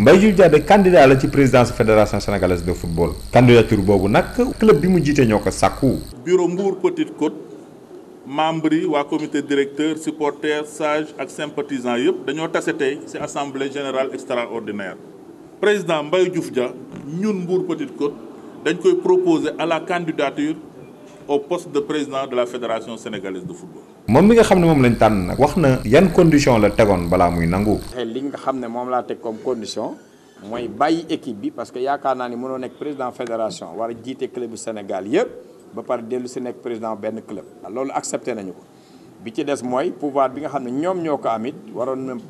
mbay Diouf Dia de candidat la ci présidence fédération sénégalaise de football candidature boobu nag club bi mu jiite ñoo ko sàkku. bureau Mbour Petite Côte membre yi waa comité directeur supporters sages ak sympathisants yëpp dañoo tase tey ci assemblée générale extraordinaire président Mbaye Diouf Dia ñun Mbour Petite Côte dañ koy proposer à la candidature. au poste de président de la fédération sénégalaise de football. mom mi nga xam mom moom lañ tànn nag wax yan condition la tegoon bala muy nangu. Eh, li nga xam mom la laa comme condition moy bàyyi équipe bi parce que yaakaar naa ni mëno nek président fédération war a club Sénégal yëpp ba par dellu ci nek président ben club. Ah, loolu accepté nañu ko bi ci dess moy pouvoir bi nga xam ñom ñoko amit ko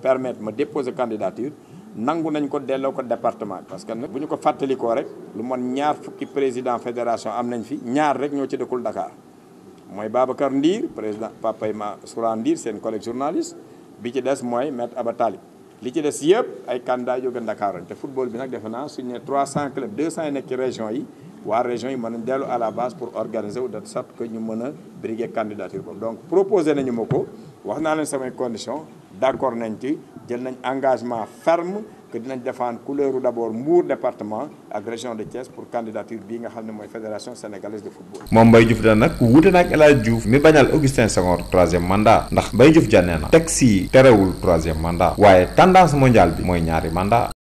permettre ma déposer candidature nangu nañ ko delloo ko département parce que nag bu ñu ko fàttalikoo rek lu man ñaar fukki président fédération am nañ fi ñaar rek ñoo ci dëkkul Dakar mooy Babacar Ndiir président papay ma Soura Ndiir seen collègue journaliste bi ci des mooy maître Aba Talib li ci des yëpp ay candidat jóge dakar te football bi nag defe naa suñu ne 300 clubs 200 yi nekk ci région yi waa région yi mën a dellu à la base pour organiser wu de sorte que ñu mën a briguer candidature boobu donc proposé nañu ma ko wax naa leen samay conditions d'accord nañ ci jël nañ engagement ferme que dinañ défendre couleur d'abord Mbour département ak région de Thiès pour candidature bi nga xamné fédération sénégalaise de football. mom Mbaye Diouf dana nag wuute na ak El Hadj Diouf mi bañal Augustin Senghor 3e mandat ndax Mbaye Diouf jànnee na teg si terewul mandat waye tendance mondiale bi moy ñaari mandat